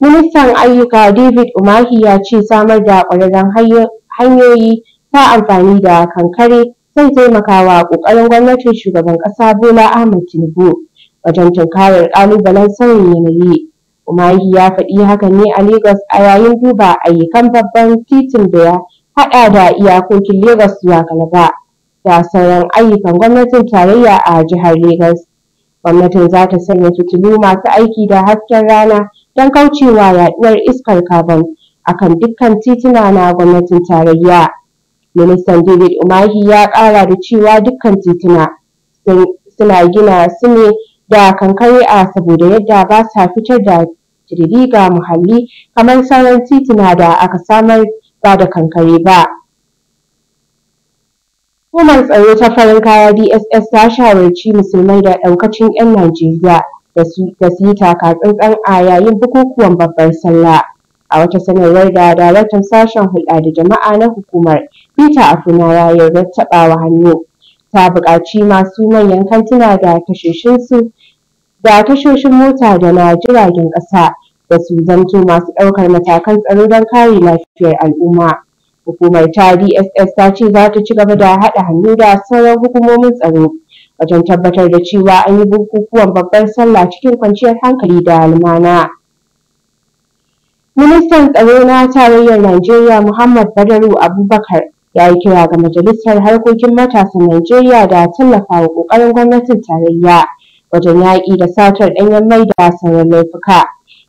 Ministan Ayyuka David Umahi ya ce samar da ƙwararren hanyoyi ta amfani da kankare zai taimakawa ƙoƙarin gwamnatin shugaban ƙasa Bola Ahmed Tinubu wajen tunkarar ƙalubalen sauyin yanayi. Umahi ya faɗi haka ne a Lagos a yayin duba ayyukan babban titin da ya haɗa da iyakokin Lagos zuwa Kalaba da sauran ayyukan gwamnatin tarayya a jihar Lagos. Gwamnatin za ta sanya fitilu masu aiki da hasken rana don kaucewa yaduwar iskar carbon a kan dukkan tituna na gwamnatin tarayya. Ministan David Umahi ya ƙara da cewa dukkan tituna suna gina su ne da kankare a saboda yadda ba sa fitar da jirgi ga muhalli kamar sauran tituna da aka samar ba da kankare ba. Hukumar tsaro ta farin kaya DSS ta shawarci musulmai da ɗaukacin 'yan Najeriya da su yi taka tsantsan a yayin bukukuwan babbar sallah a wata sanarwar da daraktan sashen hulɗa da jama'a na hukumar peter afuna ya yarda taɓawa hannu ta buƙaci masu manyan kantuna da tashoshin mota da na jiragen ƙasa da su zanto masu ɗaukar matakan tsaro don kare lafiyar al'umma. Hukumar ta DSS ta ce za ta ci gaba da haɗa hannu da sauran hukumomin tsaro wajen tabbatar da cewa an yi bukukuwan babbar sallah cikin kwanciyar hankali da almana. Ministan tsaro na tarayyar Najeriya Muhammad Badaru Abubakar ya yi kira ga Majalisar Harkokin Matasan Najeriya da tallafa wa ƙoƙarin gwamnatin tarayya wajen yaƙi da satar ɗanyen mai da sauran laifuka.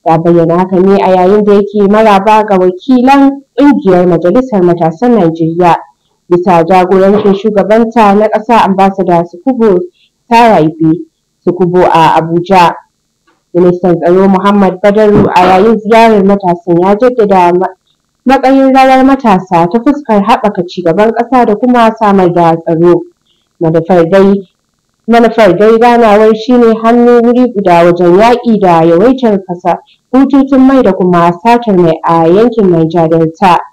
Ya bayyana haka ne a yayin da yake maraba ga wakilan ƙungiyar Majalisar Matasan Najeriya bisa jagorancin shugabanta na ƙasa ambassador Sukubo Taraibe Sukubo a Abuja. Ministan tsaro Muhammad Badaru a yayin ziyarar matasan ya jaddada matsayin rawar matasa ta fuskar haɓaka cigaban ƙasa da kuma samar da tsaro. Manufar dai manufar ganawar shine hannu wuri guda wajen yaƙi da yawaitar kasa bututun mai da kuma satar mai a yankin Niger Delta.